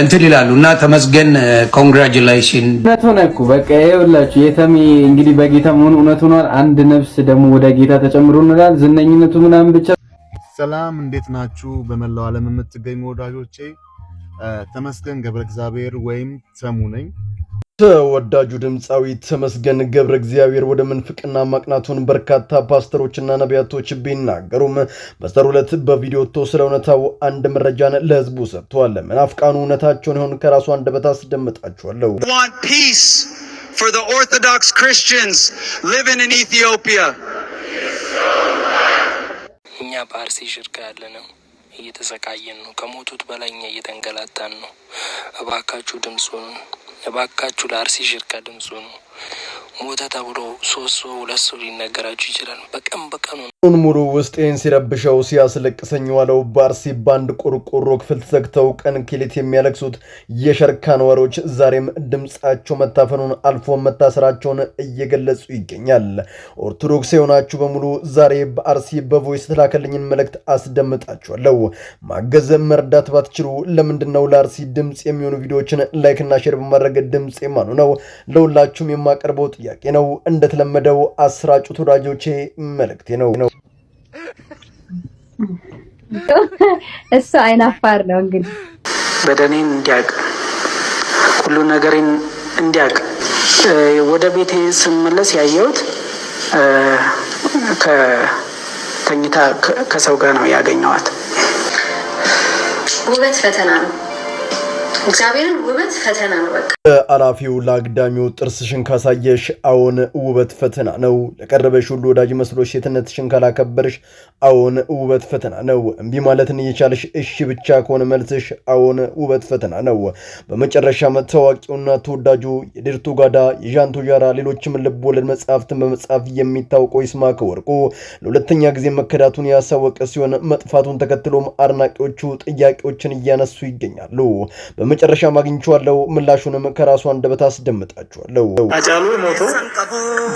እንትን ይላሉ እና ተመስገን ኮንግራጁሌሽን እውነት ሆነ እኮ በቃ ይኸውላችሁ የተሜ እንግዲህ በጌታ መሆኑ እውነት ሆኗል። አንድ ነፍስ ደግሞ ወደ ጌታ ተጨምሮ እንላል ዝነኝነቱ ምናምን ብቻ። ሰላም እንዴት ናችሁ? በመላው ዓለም የምትገኙ ወዳጆቼ ተመስገን ገብረ እግዚአብሔር ወይም ተሙ ነኝ። ተወዳጁ ድምፃዊ ተመስገን ገብረ እግዚአብሔር ወደ ምንፍቅና ማቅናቱን በርካታ ፓስተሮችና ነቢያቶች ቢናገሩም በሰሩ ዕለት በቪዲዮ ወጥቶ ስለ እውነታው አንድ መረጃን ለህዝቡ ሰጥቷል። መናፍቃኑ እውነታቸውን ይሆን ከራሱ አንደበት አስደምጣችኋለሁ። for the Orthodox Christians living in Ethiopia. እኛ ፓርሲ ሽርካ ያለ ነው እየተሰቃየን ነው። ከሞቱት በላይ እኛ እየተንገላታን ነው። እባካችሁ ድምፁን እባካችሁ ለአርሲ ሽርካ ድምፁ ነው ሞተ ተብሎ ሶስት ሰው ሁለት ሰው ሊነገራችሁ ይችላል። በቀን በቀኑ ኑን ሙሉ ውስጤን ሲረብሸው ሲያስለቅሰኝ ዋለው ባርሲ ባንድ ቆርቆሮ ክፍል ተዘግተው ቀን ኪሌት የሚያለቅሱት የሸርካ ነዋሪዎች ዛሬም ድምፃቸው መታፈኑን አልፎ መታሰራቸውን እየገለጹ ይገኛል። ኦርቶዶክስ የሆናችሁ በሙሉ ዛሬ በአርሲ በቮይስ የተላከልኝን መልእክት አስደምጣችኋለሁ። ማገዝ መርዳት ባትችሉ ለምንድን ነው ለአርሲ ድምፅ የሚሆኑ ቪዲዮዎችን ላይክና ሼር በማድረግ ድምፅ የማኑ ነው ለሁላችሁም የማቀርበው ጥያቄ ነው። እንደተለመደው አስራጩት ወዳጆቼ መልእክቴ ነው። እሱ አይናፋር ነው እንግዲህ በደኔን እንዲያውቅ ሁሉ ነገሬን እንዲያውቅ ወደ ቤቴ ስመለስ ያየሁት ከተኝታ ከሰው ጋር ነው ያገኘዋት። ውበት ፈተና ነው። እግዚአብሔርን ውበት ፈተና ነው። በቃ አላፊው ለአግዳሚው ጥርስሽን ካሳየሽ፣ አዎን ውበት ፈተና ነው። ለቀረበሽ ሁሉ ወዳጅ መስሎሽ ሴትነትሽን ካላከበርሽ፣ አዎን ውበት ፈተና ነው። እምቢ ማለትን እየቻለሽ እሺ ብቻ ከሆነ መልስሽ፣ አዎን ውበት ፈተና ነው። በመጨረሻም ታዋቂውና ተወዳጁ የዴርቶ ጋዳ የዣን ቶዣራ ሌሎችም ልብ ወለድ መጽሐፍትን በመጻፍ የሚታወቀው ይስማዕከ ወርቁ ለሁለተኛ ጊዜ መከዳቱን ያሳወቀ ሲሆን መጥፋቱን ተከትሎም አድናቂዎቹ ጥያቄዎችን እያነሱ ይገኛሉ። በመጨረሻም አግኝቼዋለሁ ምላሹንም ከራሱ አንደበት አስደምጣችኋለሁ። አጫሉ ሞቶ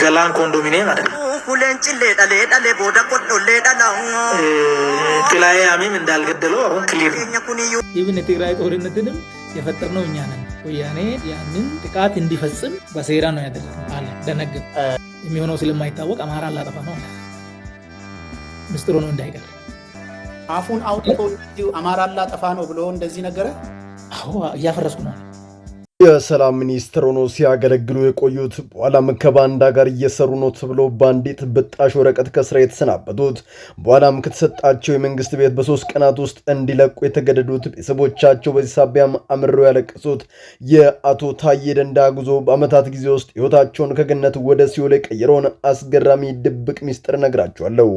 ገላን ኮንዶሚኒየም አይደለም ጥላዬ አሚም እንዳልገደለው አሁን ክሊር ይህን የትግራይ ጦርነትንም የፈጠርነው እኛ ነን። ወያኔ ያንን ጥቃት እንዲፈጽም በሴራ ነው ያደረግነው አለ። ደነግጥ የሚሆነው ስለማይታወቅ አማራ አላጠፋ ነው ምስጢሩ ነው እንዳይቀር አፉን አውጥቶ አማራ አላጠፋ ነው ብሎ እንደዚህ ነገረ እያፈረስኩ ነው የሰላም ሚኒስትር ሆኖ ሲያገለግሉ የቆዩት በኋላም ከባንዳ ጋር እየሰሩ ነው ተብሎ በአንዲት ብጣሽ ወረቀት ከስራ የተሰናበቱት በኋላም ከተሰጣቸው የመንግስት ቤት በሶስት ቀናት ውስጥ እንዲለቁ የተገደዱት ቤተሰቦቻቸው በዚህ ሳቢያም አምረው ያለቀሱት የአቶ ታዬ ደንዳ ጉዞ በአመታት ጊዜ ውስጥ ህይወታቸውን ከገነት ወደ ሲኦል የቀየረውን አስገራሚ ድብቅ ሚስጥር ነግራቸዋለሁ።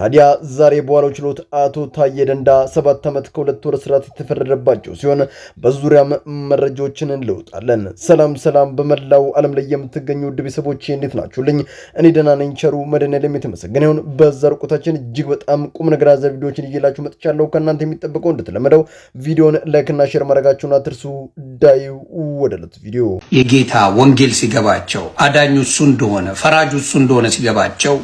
ታዲያ ዛሬ በኋላው ችሎት አቶ ታዬ ደንዳ ሰባት ዓመት ከሁለት ወር ስርዓት የተፈረደባቸው ሲሆን በዙሪያም መረጃዎችን እንለው እንወጣለን። ሰላም ሰላም፣ በመላው ዓለም ላይ የምትገኙ ውድ ቤተሰቦቼ እንዴት ናችሁልኝ? እኔ ደህና ነኝ። ቸሩ መድኃኔዓለም የተመሰገነ ይሁን። በዛሬው ቆይታችን እጅግ በጣም ቁም ነገር አዘል ቪዲዮዎችን ይዤላችሁ መጥቻለሁ። ከእናንተ የሚጠበቀው እንደተለመደው ቪዲዮን ላይክና ሼር ማድረጋችሁን አትርሱ። ዳዩ ወደ ዕለት ቪዲዮ የጌታ ወንጌል ሲገባቸው አዳኙ እሱ እንደሆነ ፈራጁ እሱ እንደሆነ ሲገባቸው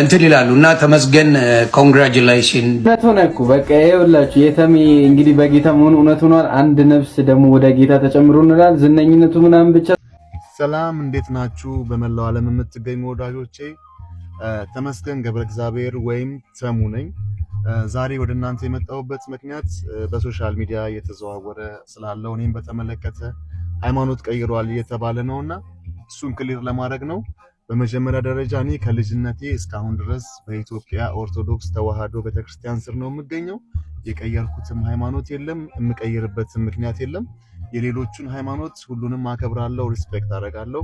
እንትን ይላሉ እና ተመስገን ኮንግራጁሌሽን ሆነ እኮ በቃ ይኸውላችሁ የተሜ እንግዲህ በጌታ መሆኑ እውነት ሆኗል። አንድ ነፍስ ደግሞ ወደ ጌታ ተጨምሮ እንላል ዝነኝነቱ ምናምን ብቻ። ሰላም እንዴት ናችሁ? በመላው ዓለም የምትገኙ ወዳጆቼ ተመስገን ገብረ እግዚአብሔር ወይም ተሙ ነኝ። ዛሬ ወደ እናንተ የመጣሁበት ምክንያት በሶሻል ሚዲያ እየተዘዋወረ ስላለው እኔም በተመለከተ ሃይማኖት ቀይሯል እየተባለ እና እሱን ክሊር ለማድረግ ነው። በመጀመሪያ ደረጃ እኔ ከልጅነቴ እስካሁን ድረስ በኢትዮጵያ ኦርቶዶክስ ተዋህዶ ቤተክርስቲያን ስር ነው የምገኘው። የቀየርኩትም ሃይማኖት የለም፣ የምቀይርበትም ምክንያት የለም። የሌሎቹን ሃይማኖት ሁሉንም አከብራለሁ፣ ሪስፔክት አደርጋለሁ።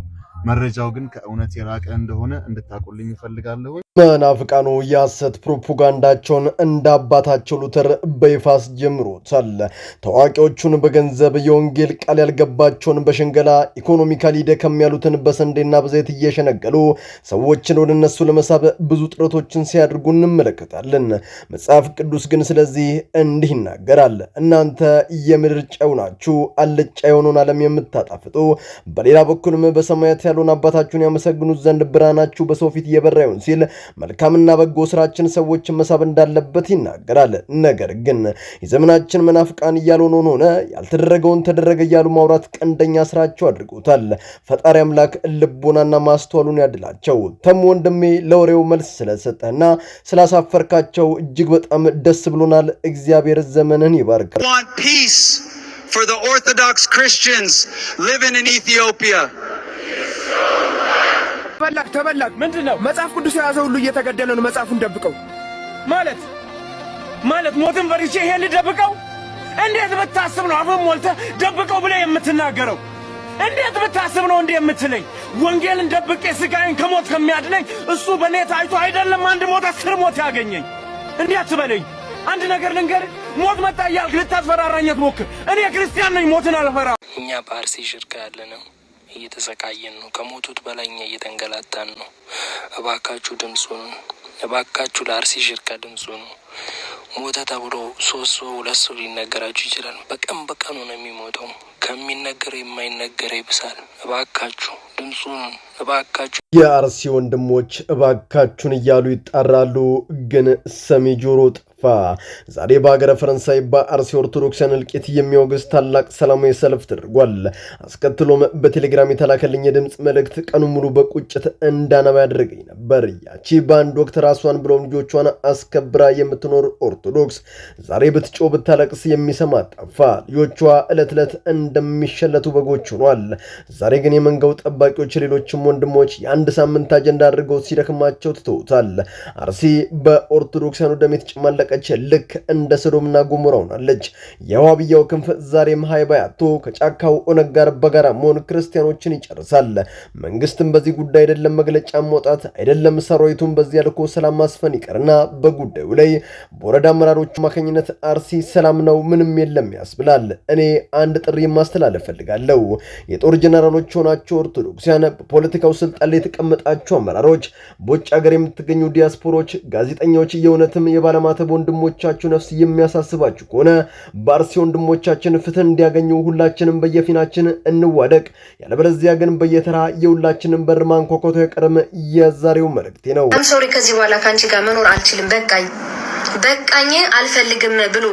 መረጃው ግን ከእውነት የራቀ እንደሆነ እንድታቁልኝ ይፈልጋለሁ። መናፍቃኑ የሐሰት ፕሮፓጋንዳቸውን እንደ አባታቸው ሉተር በይፋ አስጀምሮታል። ታዋቂዎቹን በገንዘብ የወንጌል ቃል ያልገባቸውን በሽንገላ ኢኮኖሚካሊ ደከም ያሉትን በስንዴና በዘይት እየሸነገሉ ሰዎችን ወደ እነሱ ለመሳብ ብዙ ጥረቶችን ሲያደርጉ እንመለከታለን። መጽሐፍ ቅዱስ ግን ስለዚህ እንዲህ ይናገራል። እናንተ የምድር ጨው ናችሁ፣ አልጫ የሆነውን ዓለም የምታጣፍጡ በሌላ በኩልም በሰማያት ያሉን አባታችሁን ያመሰግኑት ዘንድ ብርሃናችሁ በሰው ፊት እየበራ ይሁን ሲል መልካምና በጎ ስራችን ሰዎችን መሳብ እንዳለበት ይናገራል። ነገር ግን የዘመናችን መናፍቃን እያልሆነውን ሆነ ያልተደረገውን ተደረገ እያሉ ማውራት ቀንደኛ ስራቸው አድርጎታል። ፈጣሪ አምላክ ልቦናና ማስተዋሉን ያድላቸው። ተም ወንድሜ ለወሬው መልስ ስለሰጠና ስላሳፈርካቸው እጅግ በጣም ደስ ብሎናል። እግዚአብሔር ዘመንን ይባርክ። ፒስ ፎር ዘ ኦርቶዶክስ ክርስቲያንስ ሊቪንግ ኢን ኢትዮጵያ ተበላክ ተበላክ። ምንድን ነው መጽሐፍ ቅዱስ የያዘ ሁሉ እየተገደለ ነው። መጽሐፉን ደብቀው ማለት ማለት ሞትን ፈርቼ ይሄን ልደብቀው? እንዴት ብታስብ ነው አፍን ሞልተ ደብቀው ብለ የምትናገረው? እንዴት ብታስብ ነው እንዴ የምትለኝ? ወንጌልን ደብቄ ስጋዬን ከሞት ከሚያድነኝ እሱ በእኔ ታይቶ አይደለም አንድ ሞት አስር ሞት ያገኘኝ። እንዲህ አትበለኝ። አንድ ነገር ልንገር፣ ሞት መጣ እያልክ ልታስፈራራኝ አትሞክር። እኔ ክርስቲያን ነኝ፣ ሞትን አልፈራ። እኛ በአርሲ ሽርካ ያለ ነው እየተሰቃየን ነው። ከሞቱት በላይ እኛ እየተንገላታን ነው። እባካችሁ ድምፁ ነው። እባካችሁ ለአርሲ ሽርካ ድምፁ ነው። ሞተ ተብሎ ሶስት ሰው ሁለት ሰው ሊነገራችሁ ይችላል። በቀን በቀኑ ነው የሚሞተው። ከሚነገረው የማይነገረው ይብሳል። እባካችሁ ድምፁ ነው። እባካችሁ የአርሲ ወንድሞች እባካችሁን እያሉ ይጣራሉ፣ ግን ሰሚ ጆሮ ዛሬ በሀገረ ፈረንሳይ በአርሲ ኦርቶዶክሳን እልቂት የሚወግዝ ታላቅ ሰላማዊ ሰልፍ ተደርጓል። አስከትሎም በቴሌግራም የተላከልኝ የድምፅ መልእክት ቀኑ ሙሉ በቁጭት እንዳነባ ያደረገኝ ነበር። ያቺ በአንድ ወቅት ራሷን ብለው ልጆቿን አስከብራ የምትኖር ኦርቶዶክስ ዛሬ ብትጮ ብታለቅስ የሚሰማ ጠፋ። ልጆቿ ዕለት ዕለት እንደሚሸለቱ በጎች ሆኗል። ዛሬ ግን የመንጋው ጠባቂዎች ሌሎችም ወንድሞች የአንድ ሳምንት አጀንዳ አድርገው ሲደክማቸው ትተውታል። አርሲ በኦርቶዶክሳውያን ደሜት ጭማለቀ የወደቀች ልክ እንደ ስዶምና ጉሞራ ሆናለች። የዋብያው ክንፍ ዛሬም ሀይባ ያቶ ከጫካው ኦነግ ጋር በጋራ መሆን ክርስቲያኖችን ይጨርሳል። መንግስትም በዚህ ጉዳይ አይደለም መግለጫ መውጣት አይደለም ሰራዊቱን በዚህ ያልኮ ሰላም ማስፈን ይቀርና በጉዳዩ ላይ በወረዳ አመራሮች አማካኝነት አርሲ ሰላም ነው ምንም የለም ያስብላል። እኔ አንድ ጥሪ ማስተላለፍ ፈልጋለሁ። የጦር ጀነራሎች የሆናቸው ኦርቶዶክሲያን፣ በፖለቲካው ስልጣን ላይ የተቀመጣቸው አመራሮች፣ በውጭ ሀገር የምትገኙ ዲያስፖሮች፣ ጋዜጠኞች፣ የእውነትም የባለማተቦ ወንድሞቻችሁ ነፍስ የሚያሳስባችሁ ከሆነ በአርሲ ወንድሞቻችን ፍትህ እንዲያገኙ ሁላችንም በየፊናችን እንዋደቅ። ያለበለዚያ ግን በየተራ የሁላችንም በር ማንኳኳቱ አይቀርም። የዛሬው መልእክቴ ነው። ሶሪ ከዚህ በኋላ ከአንቺ ጋር መኖር አልችልም፣ በቃኝ፣ በቃኝ፣ አልፈልግም ብሎ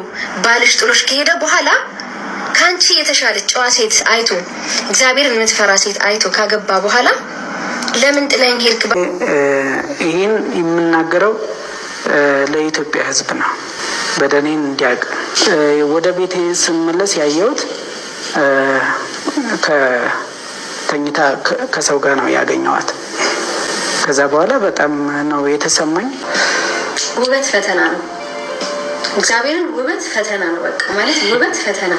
ባልሽ ጥሎሽ ከሄደ በኋላ ከአንቺ የተሻለች ጨዋ ሴት አይቶ እግዚአብሔርን የምትፈራ ሴት አይቶ ካገባ በኋላ ለምን ጥለኝ ሄድክ? ይህን የምናገረው ለኢትዮጵያ ሕዝብ ነው። በደኔን እንዲያውቅ ወደ ቤቴ ስመለስ ያየሁት ከተኝታ ከሰው ጋር ነው ያገኘዋት። ከዛ በኋላ በጣም ነው የተሰማኝ። ውበት ፈተና ነው። እግዚአብሔርን ውበት ፈተና ነው። በቃ ማለት ውበት ፈተና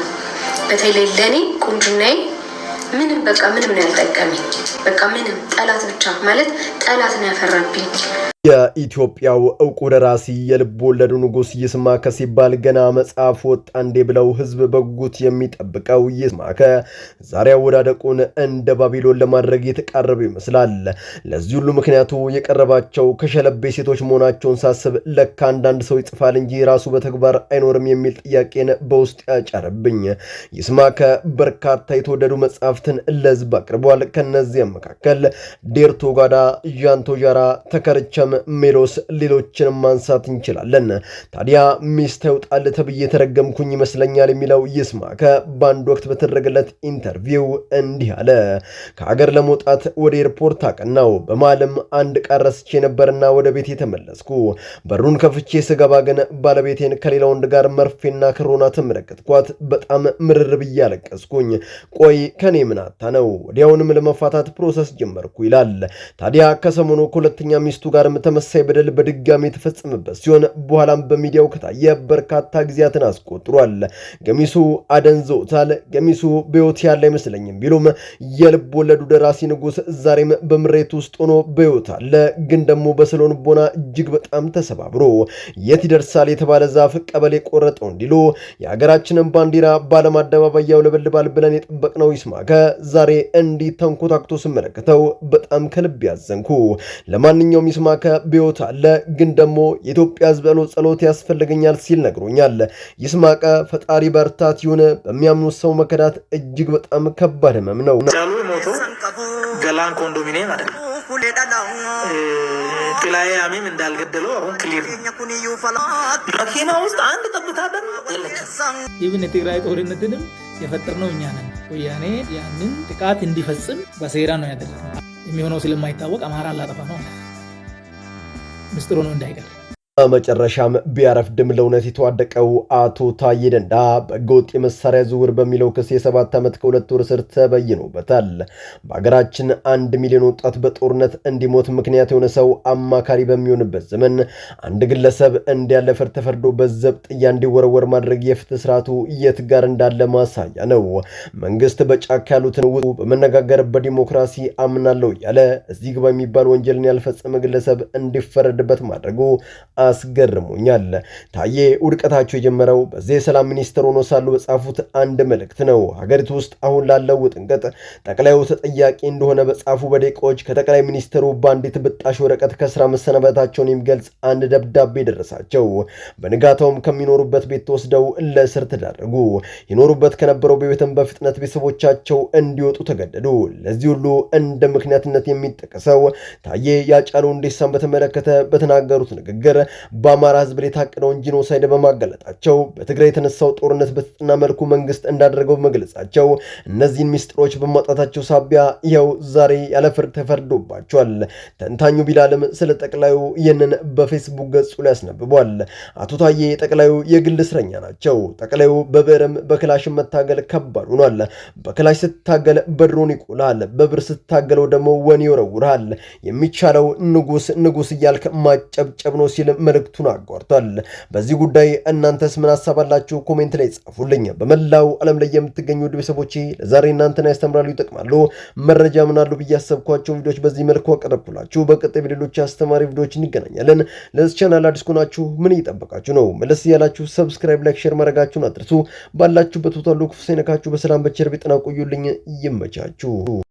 በተለይ ለእኔ ቁንጅናዬ ምንም በቃ ምንም ነው ያልጠቀመኝ። በቃ ምንም ጠላት ብቻ ማለት ጠላት ነው ያፈራብኝ። የኢትዮጵያው እውቁ ደራሲ የልብ ወለዱ ንጉስ ይስማከ ሲባል ገና መጽሐፍ ወጣ እንዴ ብለው ህዝብ በጉጉት የሚጠብቀው ይስማከ ዛሬ አወዳደቁን እንደ ባቢሎን ለማድረግ የተቃረበ ይመስላል። ለዚህ ሁሉ ምክንያቱ የቀረባቸው ከሸለቤ ሴቶች መሆናቸውን ሳስብ ለካ አንዳንድ ሰው ይጽፋል እንጂ ራሱ በተግባር አይኖርም የሚል ጥያቄን በውስጥ ያጫረብኝ። ይስማከ በርካታ የተወደዱ መጽሐፍትን ለሕዝብ አቅርቧል። ከነዚያም መካከል ዴርቶ ጋዳ፣ ዣንቶ ዣራ፣ ተከርቸም ሜሎስ ሌሎችንም ማንሳት እንችላለን። ታዲያ ሚስት ይውጣል ተብዬ የተረገምኩኝ ይመስለኛል የሚለው ይስማከ በአንድ ወቅት በተደረገለት ኢንተርቪው እንዲህ አለ። ከሀገር ለመውጣት ወደ ኤርፖርት አቀናው። በማለም አንድ ዕቃ ረስቼ ነበርና ወደ ቤት የተመለስኩ። በሩን ከፍቼ ስገባ ግን ባለቤቴን ከሌላ ወንድ ጋር መርፌና ክሮና ተመለከትኳት። በጣም ምርር ብዬ አለቀስኩኝ። ቆይ ከኔ ምናታ ነው? ወዲያውንም ለመፋታት ፕሮሰስ ጀመርኩ ይላል። ታዲያ ከሰሞኑ ከሁለተኛ ሚስቱ ጋር ተመሳሳይ በደል በድጋሚ የተፈጸመበት ሲሆን በኋላም በሚዲያው ከታየ በርካታ ጊዜያትን አስቆጥሯል። ገሚሱ አደንዘውታል። ገሚሱ በሕይወት ያለ አይመስለኝም ቢሉም የልብ ወለዱ ደራሲ ንጉስ ዛሬም በምሬት ውስጥ ሆኖ በሕይወት አለ። ግን ደግሞ በሰሎን ቦና እጅግ በጣም ተሰባብሮ የት ይደርሳል የተባለ ዛፍ ቀበሌ ቆረጠው እንዲሉ የሀገራችንን ባንዲራ በዓለም አደባባይ ያውለበልባል ብለን የጠበቅነው ይስማከ ዛሬ እንዲህ ተንኮታክቶ ስመለከተው በጣም ከልብ ያዘንኩ። ለማንኛውም ይስማከ ቢዮት አለ፣ ግን ደግሞ የኢትዮጵያ ህዝብ ጸሎት ጸሎት ያስፈልገኛል ሲል ነግሮኛል። ይስማቀ ፈጣሪ በርታት ይሁን። በሚያምኑት ሰው መከዳት እጅግ በጣም ከባድ ህመም ነው። ገላን ኮንዶሚኒየም አይደለም ጥላዬ አሜም እንዳልገደለው አሁን ክሊር መኪና ውስጥ አንድ ጠብታ ይብን የትግራይ ጦርነትንም የፈጠርነው እኛ ነን። ወያኔ ያንን ጥቃት እንዲፈጽም በሴራ ነው ያደረግነው። የሚሆነው ስለማይታወቅ አማራ አላጠፋ ነው misteri orang undai kali. በመጨረሻም ቢያረፍድም ለእውነት የተዋደቀው አቶ ታዬ ደንዳ በህገወጥ የመሳሪያ ዝውውር በሚለው ክስ የሰባት ዓመት ከሁለት ወር እስር ተበይኖበታል። በሀገራችን አንድ ሚሊዮን ወጣት በጦርነት እንዲሞት ምክንያት የሆነ ሰው አማካሪ በሚሆንበት ዘመን አንድ ግለሰብ እንዲያለ ፍርድ ተፈርዶ በዘብጥያ እንዲወረወር ማድረግ የፍትህ ስርዓቱ የት ጋር እንዳለ ማሳያ ነው። መንግስት በጫካ ያሉትን ውጡ በመነጋገር በዲሞክራሲ አምናለሁ እያለ እዚህ ግባ የሚባል ወንጀልን ያልፈጸመ ግለሰብ እንዲፈረድበት ማድረጉ አስገርሞኛል። ታዬ ውድቀታቸው የጀመረው በዚህ የሰላም ሚኒስትር ሆኖ ሳሉ በጻፉት አንድ መልእክት ነው። ሀገሪቱ ውስጥ አሁን ላለው ውጥንቅጥ ጠቅላዩ ተጠያቂ እንደሆነ በጻፉ በደቂቃዎች ከጠቅላይ ሚኒስትሩ በአንዲት ብጣሽ ወረቀት ከስራ መሰናበታቸውን የሚገልጽ አንድ ደብዳቤ ደረሳቸው። በንጋታውም ከሚኖሩበት ቤት ተወስደው ለእስር ተዳረጉ። ይኖሩበት ከነበረው በቤትም በፍጥነት ቤተሰቦቻቸው እንዲወጡ ተገደዱ። ለዚህ ሁሉ እንደ ምክንያትነት የሚጠቀሰው ታዬ ያጫሉ ሁንዴሳን በተመለከተ በተናገሩት ንግግር በአማራ ህዝብ ላይ የታቀደውን ጂኖሳይድ በማጋለጣቸው በትግራይ የተነሳው ጦርነት በተጠና መልኩ መንግስት እንዳደረገው በመግለጻቸው እነዚህን ሚስጥሮች በማጣታቸው ሳቢያ ይኸው ዛሬ ያለ ፍርድ ተፈርዶባቸዋል። ተንታኙ ቢላልም ስለ ጠቅላዩ ይህንን በፌስቡክ ገጹ ላይ ያስነብቧል። አቶ ታዬ ጠቅላዩ የግል እስረኛ ናቸው። ጠቅላዩ በብዕርም በክላሽም መታገል ከባድ ሆኗል። በክላሽ ስትታገል በድሮን ይቆላል፣ በብር ስታገለው ደግሞ ወን ይወረውርሃል። የሚቻለው ንጉስ ንጉስ እያልክ ማጨብጨብ ነው ሲል መልእክቱን አጓርቷል። በዚህ ጉዳይ እናንተስ ምን ሀሳብ ኮሜንት ላይ ጻፉልኝ። በመላው ዓለም ላይ የምትገኙ ውድ ቤተሰቦቼ ለዛሬ እናንተን ያስተምራሉ፣ ይጠቅማሉ፣ መረጃ ምን አሉ ብዬ ያሰብኳቸው ቪዲዮዎች በዚህ መልኩ አቀረብኩላችሁ። በቀጣይ ሌሎች አስተማሪ ቪዲዮዎች እንገናኛለን። ለዚህ ቻናል አዲስ ከሆናችሁ ምን እየጠበቃችሁ ነው? መለስ እያላችሁ ሰብስክራይብ፣ ላይክ፣ ሼር ማድረጋችሁን አትርሱ። ባላችሁበት ቦታ ሁሉ ክፉ ሳይነካችሁ በሰላም በቸር በጤና ቆዩልኝ። ይመቻችሁ።